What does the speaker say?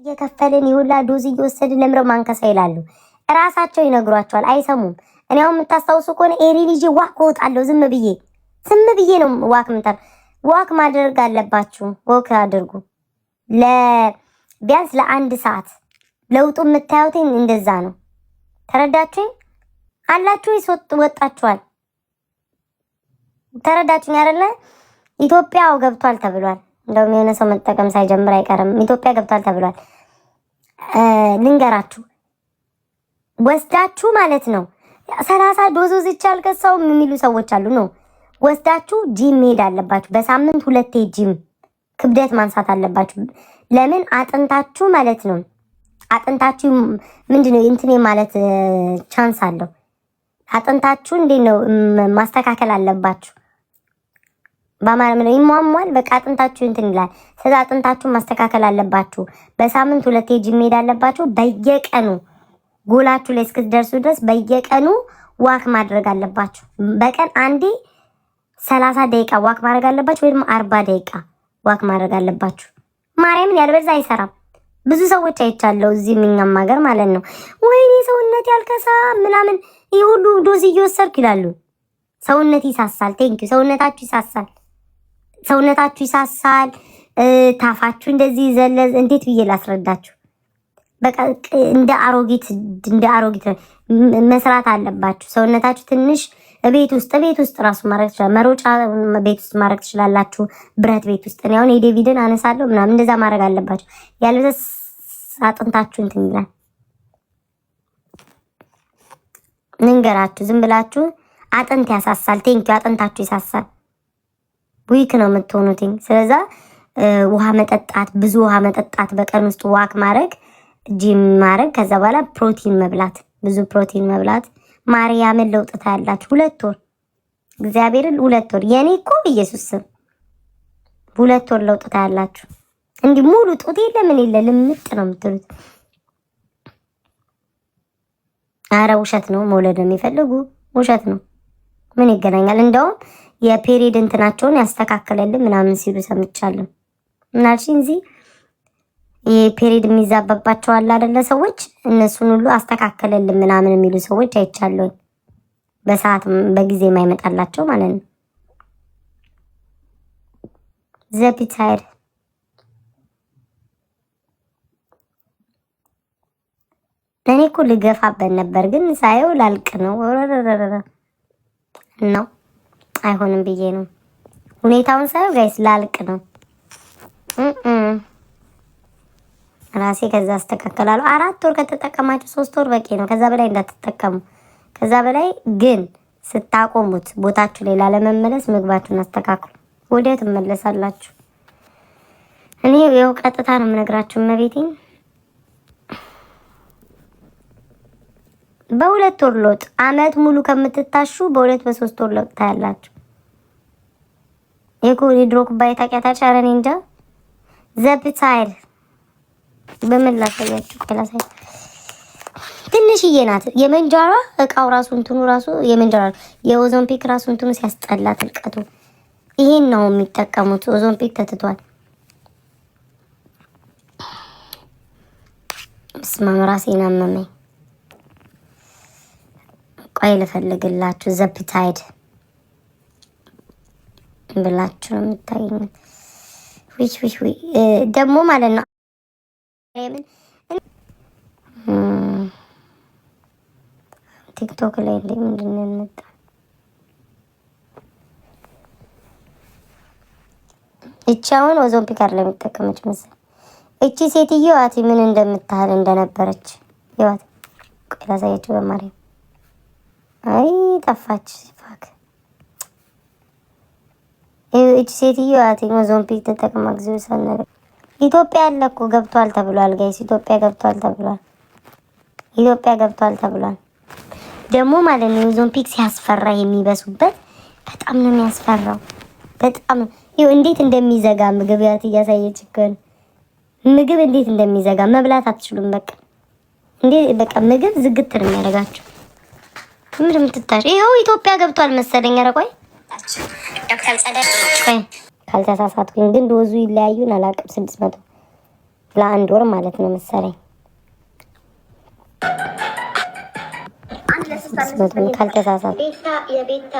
እየከፈልን ይሁላ ዶዝ እየወሰድን ለምረው ማንከሳ ይላሉ። እራሳቸው ይነግሯቸዋል፣ አይሰሙም። እኔ አሁን የምታስታውሱ ከሆነ ኤሪን ይዤ ዋክ እወጣለሁ። ዝም ብዬ ዝም ብዬ ነው ዋክ ምታል። ዋክ ማድረግ አለባችሁ፣ ወክ አድርጉ ቢያንስ ለአንድ ሰዓት። ለውጡ የምታዩትኝ እንደዛ ነው። ተረዳችሁኝ? አላችሁ ወጣችኋል። ተረዳችሁኝ አይደለ? ኢትዮጵያው ገብቷል ተብሏል። እንደውም የሆነ ሰው መጠቀም ሳይጀምር አይቀርም ኢትዮጵያ ገብቷል ተብሏል። ልንገራችሁ ወስዳችሁ ማለት ነው ሰላሳ ዶዞዝ ከሰው የሚሉ ሰዎች አሉ ነው ወስዳችሁ ጂም መሄድ አለባችሁ። በሳምንት ሁለቴ ጂም ክብደት ማንሳት አለባችሁ። ለምን አጥንታችሁ ማለት ነው አጥንታችሁ ምንድነው እንትኔ ማለት ቻንስ አለው። አጥንታችሁ እንዴት ነው ማስተካከል አለባችሁ። በአማርም ነው ይሟሟል። በቃ አጥንታችሁ እንትን ይላል። ስለዚህ አጥንታችሁ ማስተካከል አለባችሁ። በሳምንት ሁለት ጂም መሄድ አለባችሁ። በየቀኑ ጎላችሁ ላይ እስክትደርሱ ድረስ በየቀኑ ዋክ ማድረግ አለባችሁ። በቀን አንዴ ሰላሳ ደቂቃ ዋክ ማድረግ አለባችሁ፣ ወይም አርባ ደቂቃ ዋክ ማድረግ አለባችሁ። ማርያምን ያልበዛ አይሰራም። ብዙ ሰዎች አይቻለሁ እዚህ የኛም ሀገር ማለት ነው። ወይኔ ሰውነት ያልከሳ ምናምን ይህ ሁሉ ዶዝ እየወሰድኩ ይላሉ። ሰውነት ይሳሳል። ቴንኪው ሰውነታችሁ ይሳሳል። ሰውነታችሁ ይሳሳል፣ ታፋችሁ እንደዚህ ዘለዝ። እንዴት ብዬ ላስረዳችሁ? በቃ እንደ አሮጊት እንደ አሮጊት መስራት አለባችሁ። ሰውነታችሁ ትንሽ ቤት ውስጥ ቤት ውስጥ ራሱ ማድረግ ትችላል። መሮጫ ቤት ውስጥ ማድረግ ትችላላችሁ። ብረት ቤት ውስጥ እኔ አሁን የዴቪድን አነሳለሁ ምናምን እንደዛ ማድረግ አለባችሁ። ያለበለዚያ አጥንታችሁ እንትን ይላል። ንንገራችሁ ዝም ብላችሁ አጥንት ያሳሳል። ቴንኪ አጥንታችሁ ይሳሳል። ዊክ ነው የምትሆኑትኝ። ስለዛ ውሃ መጠጣት፣ ብዙ ውሃ መጠጣት፣ በቀን ውስጥ ዋክ ማድረግ፣ ጂም ማድረግ፣ ከዛ በኋላ ፕሮቲን መብላት፣ ብዙ ፕሮቲን መብላት። ማርያምን ለውጥታ ያላችሁ ሁለት ወር እግዚአብሔርን ሁለት ወር የእኔ እኮ ኢየሱስ ስም ሁለት ወር ለውጥታ ያላችሁ እንዲህ ሙሉ ጡት የለ የለ ልምጥ ነው የምትሉት። አረ ውሸት ነው። መውለድ ነው የሚፈልጉ ውሸት ነው። ምን ይገናኛል? እንደውም የፔሪድ እንትናቸውን ያስተካከለልን ምናምን ሲሉ ሰምቻለሁ። ምናልሽ እዚህ የፔሪድ የሚዛበባቸው አለ አይደለ? ሰዎች እነሱን ሁሉ አስተካከለልን ምናምን የሚሉ ሰዎች አይቻለሁ። በሰዓት በጊዜ የማይመጣላቸው ማለት ነው። ዘፒታይድ እኔ እኮ ልገፋበት ነበር ግን ሳየው ላልቅ ነው። ነው። አይሆንም ብዬ ነው ሁኔታውን ሳይሆን ጋይስ ላልቅ ነው ራሴ። ከዛ አስተካከላሉ አራት ወር ከተጠቀማችሁ ሶስት ወር በቂ ነው። ከዛ በላይ እንዳትጠቀሙ። ከዛ በላይ ግን ስታቆሙት ቦታችሁ ላይ ላለመመለስ ምግባችሁን አስተካክሉ። ወደ ትመለሳላችሁ። እኔ የው ቀጥታ ነው የምነግራችሁ መቤቴን በሁለት ወር ለውጥ አመት ሙሉ ከምትታሹ በሁለት በሶስት ወር ለውጥ ታያላችሁ። የኮ የድሮ ኩባያ ታውቂያታለሽ? ኧረ እኔ እንጃ። ዘፕታይል በምን ላሳያችሁ? ከላሳይ ትንሽዬ ናት። የመንጃራ እቃው ራሱ እንትኑ ራሱ የመንጃራ የኦዞምፒክ ራሱ እንትኑ ሲያስጠላ ትልቀቱ ይሄን ነው የሚጠቀሙት። ኦዞምፒክ ተትቷል። ስማም ራሴን አመመኝ። ቆይ ልፈልግላችሁ። ዘፕታይድ ብላችሁ ነው የምታገኙት። ዊች ዊች ደግሞ ማለት ነው ቲክቶክ ላይ እንደ ምንድን ነው የመጣ እቺ አሁን ኦዞምፒክ አይደለም የሚጠቀመች መሰለኝ። እቺ ሴትዮ አቲ ምን እንደምታህል እንደነበረች ይዋት ቆይ ላሳያችሁ በማርያም አይ ጠፋች። ፋክ እች ሴትዮ አቴ ሞዞምፒክ ተጠቅማ ጊዜ ሳነገ ኢትዮጵያ አለ እኮ ገብቷል ተብሏል። ጋይስ ኢትዮጵያ ገብቷል ተብሏል። ኢትዮጵያ ገብቷል ተብሏል። ደግሞ ማለት ነው የኦዞምፒክ ሲያስፈራ የሚበሱበት በጣም ነው የሚያስፈራው። በጣም ይኸው እንዴት እንደሚዘጋ ምግብ ያት እያሳየች ግን ምግብ እንዴት እንደሚዘጋ መብላት አትችሉም። በቃ እንዴ በቃ ምግብ ዝግት ነው የሚያደርጋቸው። ምንድን ትታሽ ይኸው ኢትዮጵያ ገብቷል መሰለኝ። ኧረ ቆይ ካልተሳሳትኩኝ ግን ደወዙ ይለያዩን አላውቅም። ስድስት መቶ ለአንድ ወር ማለት ነው መሰለኝ። ስድስት የቤታ